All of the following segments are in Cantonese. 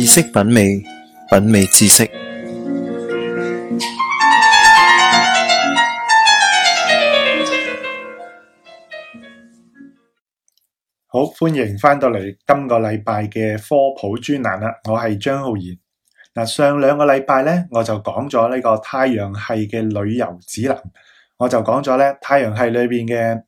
知識品味，品味知識。好，歡迎翻到嚟今個禮拜嘅科普專欄啦！我係張浩然。嗱，上兩個禮拜呢，我就講咗呢個太陽系嘅旅遊指南，我就講咗呢太陽系裏邊嘅。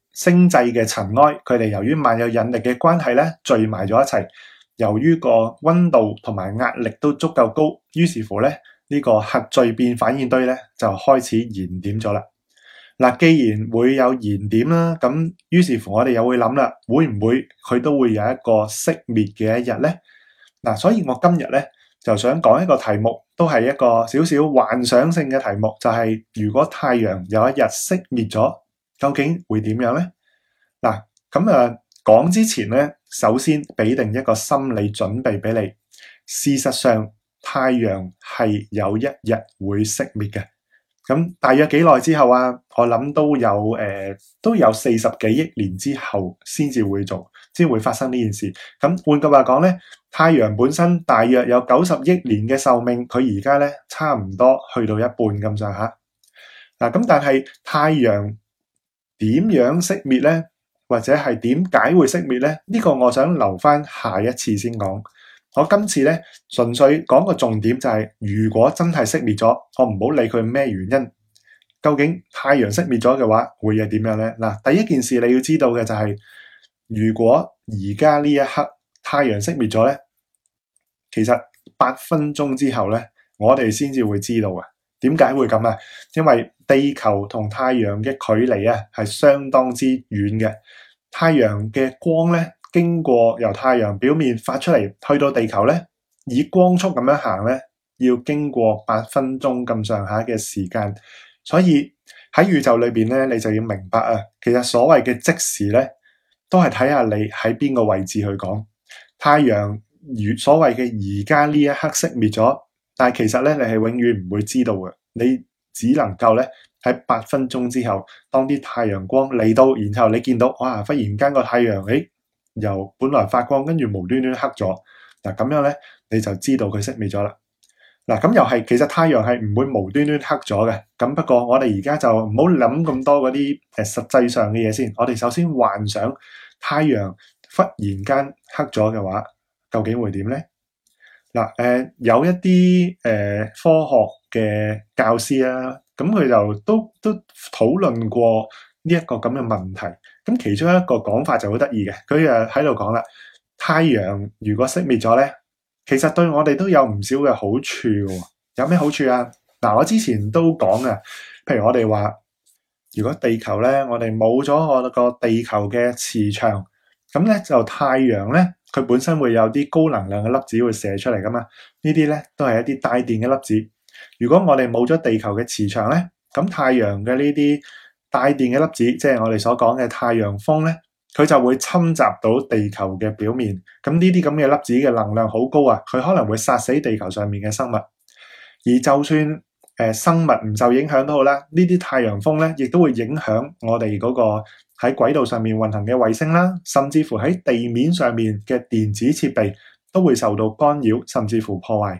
星際嘅塵埃，佢哋由於萬有引力嘅關係咧，聚埋咗一齊。由於個溫度同埋壓力都足夠高，於是乎咧，呢個核聚變反應堆咧就開始燃點咗啦。嗱，既然會有燃點啦，咁於是乎我哋又會諗啦，會唔會佢都會有一個熄滅嘅一日咧？嗱，所以我今日咧就想講一個題目，都係一個少少幻想性嘅題目，就係如果太陽有一日熄滅咗。究竟會點樣呢？嗱，咁啊，講之前呢，首先俾定一個心理準備俾你。事實上，太陽係有一日會熄滅嘅。咁大約幾耐之後啊？我諗都有誒，都有四十幾億年之後先至會做，先會發生呢件事。咁換句話講呢，太陽本身大約有九十億年嘅壽命，佢而家呢差唔多去到一半咁上下。嗱，咁但係太陽。點樣熄滅呢？或者係點解會熄滅呢？呢個我想留翻下一次先講。我今次咧純粹講個重點就係，如果真係熄滅咗，我唔好理佢咩原因。究竟太陽熄滅咗嘅話，會係點樣呢？嗱，第一件事你要知道嘅就係，如果而家呢一刻太陽熄滅咗呢，其實八分鐘之後呢，我哋先至會知道啊。點解會咁啊？因為地球同太陽嘅距離啊，係相當之遠嘅。太陽嘅光咧，經過由太陽表面發出嚟去到地球咧，以光速咁樣行咧，要經過八分鐘咁上下嘅時間。所以喺宇宙裏邊咧，你就要明白啊，其實所謂嘅即時咧，都係睇下你喺邊個位置去講太陽。而所謂嘅而家呢一刻熄滅咗，但係其實咧，你係永遠唔會知道嘅。你只能夠咧喺八分鐘之後，當啲太陽光嚟到，然後你見到哇，忽然間個太陽，誒由本來發光，跟住無端端黑咗嗱，咁樣咧你就知道佢熄滅咗啦。嗱、啊、咁又係其實太陽係唔會無端端黑咗嘅。咁不過我哋而家就唔好諗咁多嗰啲誒實際上嘅嘢先。我哋首先幻想太陽忽然間黑咗嘅話，究竟會點咧？嗱、啊、誒、呃、有一啲誒、呃、科學嘅教師啦、啊，咁佢就都都討論過呢一個咁嘅問題。咁其中一個講法就好得意嘅，佢就喺度講啦，太陽如果熄滅咗咧，其實對我哋都有唔少嘅好處嘅。有咩好處啊？嗱、啊啊，我之前都講啊，譬如我哋話，如果地球咧，我哋冇咗我個地球嘅磁場，咁咧就太陽咧，佢本身會有啲高能量嘅粒子會射出嚟噶嘛。呢啲咧都係一啲帶電嘅粒子。如果我哋冇咗地球嘅磁場咧，咁太陽嘅呢啲帶電嘅粒子，即係我哋所講嘅太陽風咧，佢就會侵襲到地球嘅表面。咁呢啲咁嘅粒子嘅能量好高啊，佢可能會殺死地球上面嘅生物。而就算誒生物唔受影響都好啦，呢啲太陽風咧，亦都會影響我哋嗰個喺軌道上面運行嘅衛星啦，甚至乎喺地面上面嘅電子設備都會受到干擾，甚至乎破壞。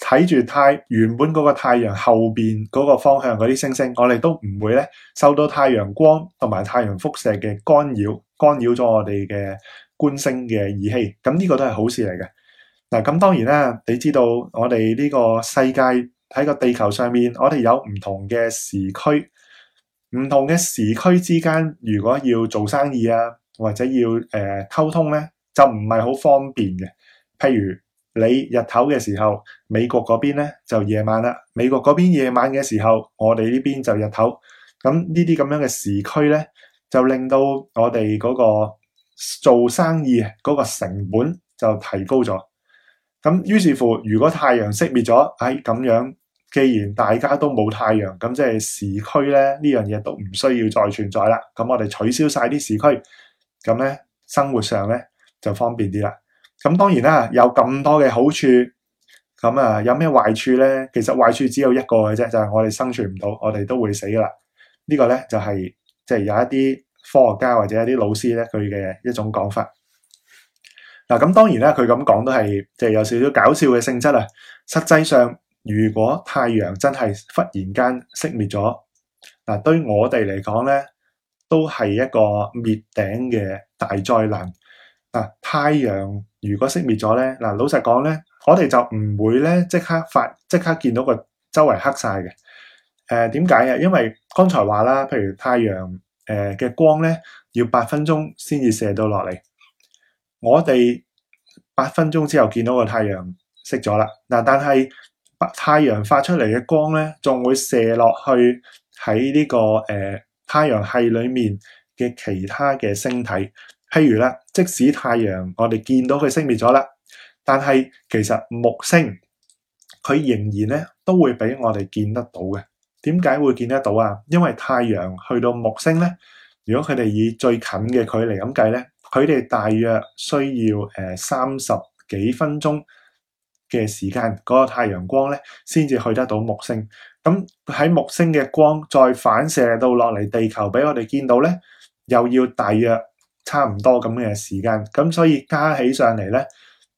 睇住太原本嗰個太陽後邊嗰個方向嗰啲星星，我哋都唔會咧受到太陽光同埋太陽輻射嘅干擾，干擾咗我哋嘅觀星嘅儀器。咁呢個都係好事嚟嘅。嗱，咁當然啦，你知道我哋呢個世界喺個地球上面，我哋有唔同嘅時區，唔同嘅時區之間，如果要做生意啊，或者要誒溝、呃、通咧，就唔係好方便嘅。譬如，你日頭嘅時候，美國嗰邊咧就夜晚啦。美國嗰邊夜晚嘅時候，我哋呢邊就日頭。咁呢啲咁樣嘅時區咧，就令到我哋嗰個做生意嗰個成本就提高咗。咁於是乎，如果太陽熄滅咗，唉、哎、咁樣，既然大家都冇太陽，咁即係時區咧，呢樣嘢都唔需要再存在啦。咁我哋取消晒啲時區，咁咧生活上咧就方便啲啦。咁當然啦，有咁多嘅好處，咁啊有咩壞處咧？其實壞處只有一個嘅啫，就係、是、我哋生存唔到，我哋都會死㗎啦。這個、呢個咧就係即係有一啲科學家或者一啲老師咧佢嘅一種講法。嗱、啊，咁當然啦，佢咁講都係即係有少少搞笑嘅性質啊。實際上，如果太陽真係忽然間熄滅咗，嗱、啊、對我哋嚟講咧，都係一個滅頂嘅大災難。嗱、啊，太陽。如果熄滅咗咧，嗱，老實講咧，我哋就唔會咧即刻發，即刻見到個周圍黑晒嘅。誒，點解啊？因為剛才話啦，譬如太陽誒嘅光咧，要八分鐘先至射到落嚟。我哋八分鐘之後見到個太陽熄咗啦。嗱，但係太陽發出嚟嘅光咧，仲會射落去喺呢個誒太陽系裏面嘅其他嘅星體。譬如啦，即使太陽我哋見到佢熄滅咗啦，但係其實木星佢仍然咧都會俾我哋見得到嘅。點解會見得到啊？因為太陽去到木星咧，如果佢哋以最近嘅距離咁計咧，佢哋大約需要誒三十幾分鐘嘅時間，嗰個太陽光咧先至去得到木星。咁喺木星嘅光再反射到落嚟地球俾我哋見到咧，又要大約。差唔多咁嘅時間，咁所以加起上嚟咧，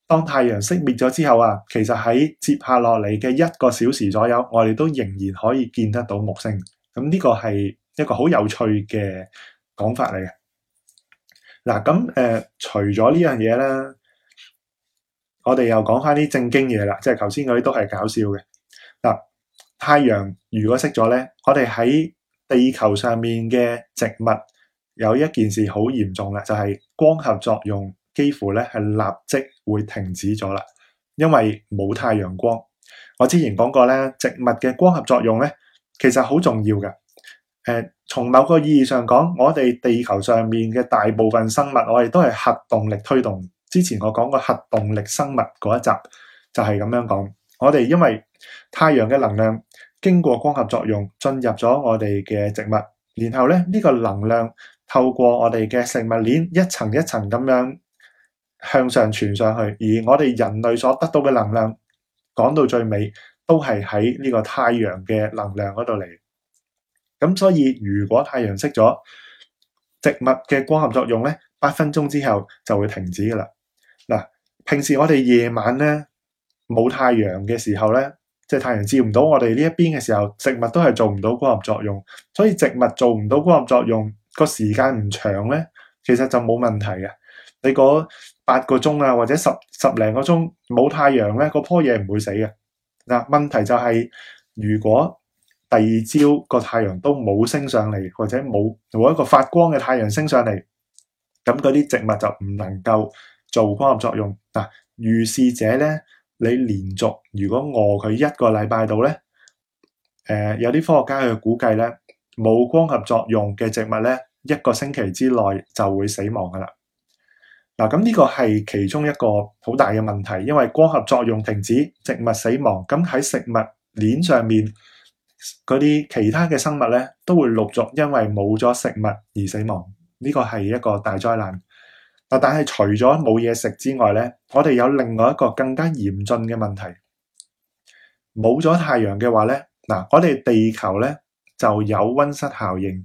當太陽熄滅咗之後啊，其實喺接下落嚟嘅一個小時左右，我哋都仍然可以見得到木星。咁呢個係一個好有趣嘅講法嚟嘅。嗱，咁誒，除咗呢樣嘢咧，我哋又講翻啲正經嘢啦，即係頭先嗰啲都係搞笑嘅。嗱，太陽如果熄咗咧，我哋喺地球上面嘅植物，有一件事好嚴重啦，就係光合作用幾乎咧係立即會停止咗啦，因為冇太陽光。我之前講過咧，植物嘅光合作用咧其實好重要嘅。誒，從某個意義上講，我哋地球上面嘅大部分生物，我哋都係核動力推動。之前我講過核動力生物嗰一集就係咁樣講。我哋因為太陽嘅能量經過光合作用進入咗我哋嘅植物，然後咧呢個能量，透過我哋嘅食物鏈一層一層咁樣向上傳上去，而我哋人類所得到嘅能量，講到最尾都係喺呢個太陽嘅能量嗰度嚟。咁所以如果太陽熄咗，植物嘅光合作用咧，八分鐘之後就會停止㗎喇。嗱，平時我哋夜晚咧冇太陽嘅時候咧，即係太陽照唔到我哋呢一邊嘅時候，植物都係做唔到光合作用，所以植物做唔到光合作用。個時間唔長咧，其實就冇問題嘅。你嗰八個鐘啊，或者十十零個鐘冇太陽咧，個棵嘢唔會死嘅。嗱，問題就係如果第二朝個太陽都冇升上嚟，或者冇如果一個發光嘅太陽升上嚟，咁嗰啲植物就唔能夠做光合作用嗱。如是者咧，你連續如果餓佢一個禮拜度咧，誒，有啲科學家去估計咧，冇光合作用嘅植物咧。一個星期之內就會死亡噶啦。嗱，咁呢個係其中一個好大嘅問題，因為光合作用停止，植物死亡，咁喺食物鏈上面嗰啲其他嘅生物咧都會陸續因為冇咗食物而死亡。呢個係一個大災難。嗱，但係除咗冇嘢食之外咧，我哋有另外一個更加嚴峻嘅問題，冇咗太陽嘅話咧，嗱，我哋地球咧就有温室效應。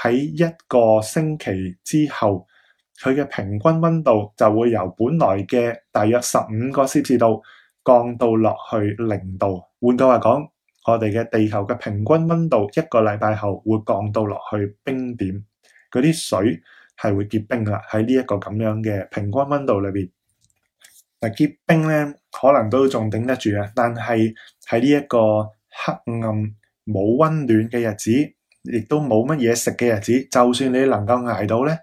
喺一個星期之後，佢嘅平均溫度就會由本來嘅大約十五個攝氏度降到落去零度。換句話講，我哋嘅地球嘅平均溫度一個禮拜後會降到落去冰點。嗰啲水係會結冰啦。喺呢一個咁樣嘅平均溫度裏邊，嗱結冰咧可能都仲頂得住啊。但係喺呢一個黑暗冇溫暖嘅日子，亦都冇乜嘢食嘅日子，就算你能夠挨到呢，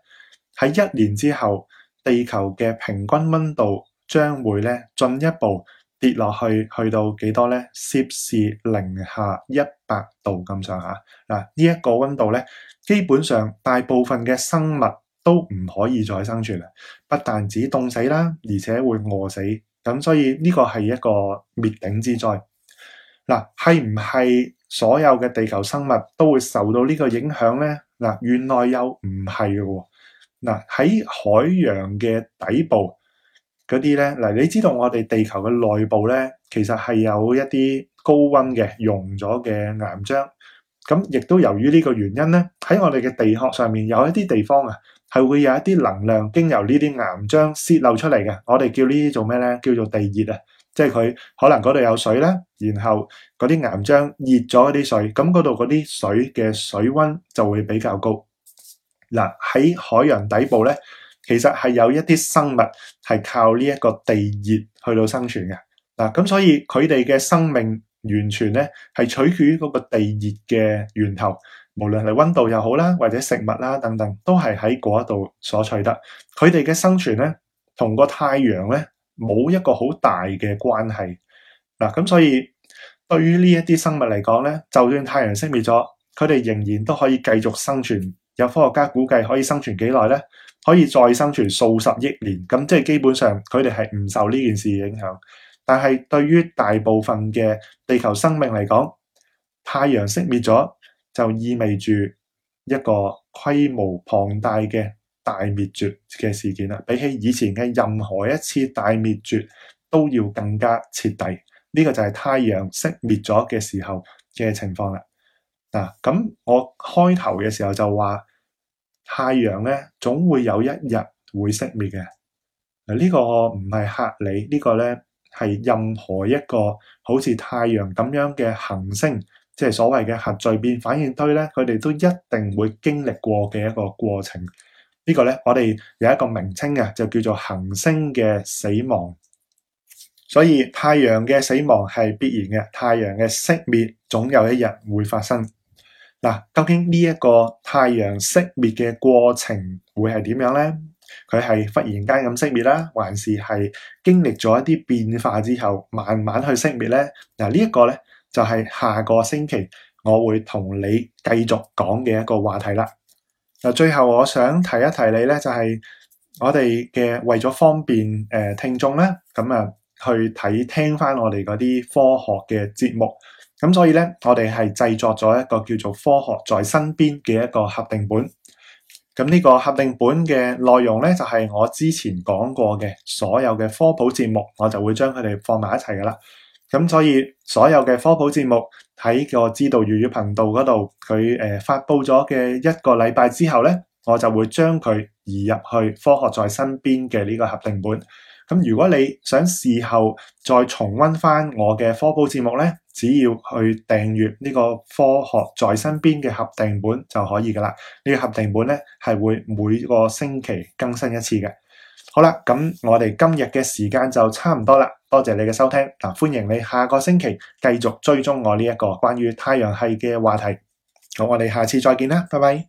喺一年之後，地球嘅平均温度將會咧進一步跌落去，去到幾多呢？攝氏零下一百度咁上下嗱，呢一個温度呢，基本上大部分嘅生物都唔可以再生存啦，不但止凍死啦，而且會餓死，咁所以呢個係一個滅頂之災。嗱，係唔係？所有嘅地球生物都會受到呢個影響咧。嗱，原來又唔係嘅喎。嗱，喺海洋嘅底部嗰啲咧，嗱，你知道我哋地球嘅內部咧，其實係有一啲高溫嘅溶咗嘅岩漿。咁亦都由於呢個原因咧，喺我哋嘅地殼上面有一啲地方啊，係會有一啲能量經由呢啲岩漿泄漏出嚟嘅。我哋叫呢啲做咩咧？叫做地熱啊！即係佢可能嗰度有水啦，然後嗰啲岩漿熱咗嗰啲水，咁嗰度嗰啲水嘅水溫就會比較高。嗱，喺海洋底部咧，其實係有一啲生物係靠呢一個地熱去到生存嘅。嗱，咁所以佢哋嘅生命完全咧係取決於嗰個地熱嘅源頭，無論係溫度又好啦，或者食物啦等等，都係喺嗰度所取得。佢哋嘅生存咧，同個太陽咧。冇一個好大嘅關係嗱，咁所以對於呢一啲生物嚟講咧，就算太陽熄滅咗，佢哋仍然都可以繼續生存。有科學家估計可以生存幾耐咧？可以再生存數十億年，咁即係基本上佢哋係唔受呢件事影響。但係對於大部分嘅地球生命嚟講，太陽熄滅咗就意味住一個規模龐大嘅。大滅絕嘅事件啦，比起以前嘅任何一次大滅絕都要更加徹底。呢個就係太陽熄滅咗嘅時候嘅情況啦。嗱，咁我開頭嘅時候就話太陽咧，總會有一日會熄滅嘅。嗱，呢個唔係嚇你，呢個咧係任何一個好似太陽咁樣嘅行星，即係所謂嘅核聚變反應堆咧，佢哋都一定會經歷過嘅一個過程。呢個咧，我哋有一個名稱嘅，就叫做恆星嘅死亡。所以太陽嘅死亡係必然嘅，太陽嘅熄滅總有一日會發生。嗱，究竟呢一個太陽熄滅嘅過程會係點樣咧？佢係忽然間咁熄滅啦，還是係經歷咗一啲變化之後慢慢去熄滅咧？嗱，呢一個咧就係下個星期我會同你繼續講嘅一個話題啦。嗱，最後我想提一提你咧，就係、是、我哋嘅為咗方便誒、呃、聽眾咧，咁啊去睇聽翻我哋嗰啲科學嘅節目，咁所以咧我哋係製作咗一個叫做《科學在身邊》嘅一個合訂本。咁呢個合訂本嘅內容咧，就係、是、我之前講過嘅所有嘅科普節目，我就會將佢哋放埋一齊噶啦。咁所以所有嘅科普節目。喺個知道粵語頻道嗰度，佢誒、呃、發布咗嘅一個禮拜之後咧，我就會將佢移入去《科學在身邊》嘅呢個合訂本。咁如果你想事後再重溫翻我嘅科普節目咧，只要去訂閱呢個《科學在身邊》嘅合訂本就可以噶啦。呢、呢個合訂本咧係會每個星期更新一次嘅。好啦，咁我哋今日嘅時間就差唔多啦，多謝你嘅收聽嗱，歡迎你下個星期繼續追蹤我呢一個關於太陽系嘅話題。好，我哋下次再見啦，拜拜。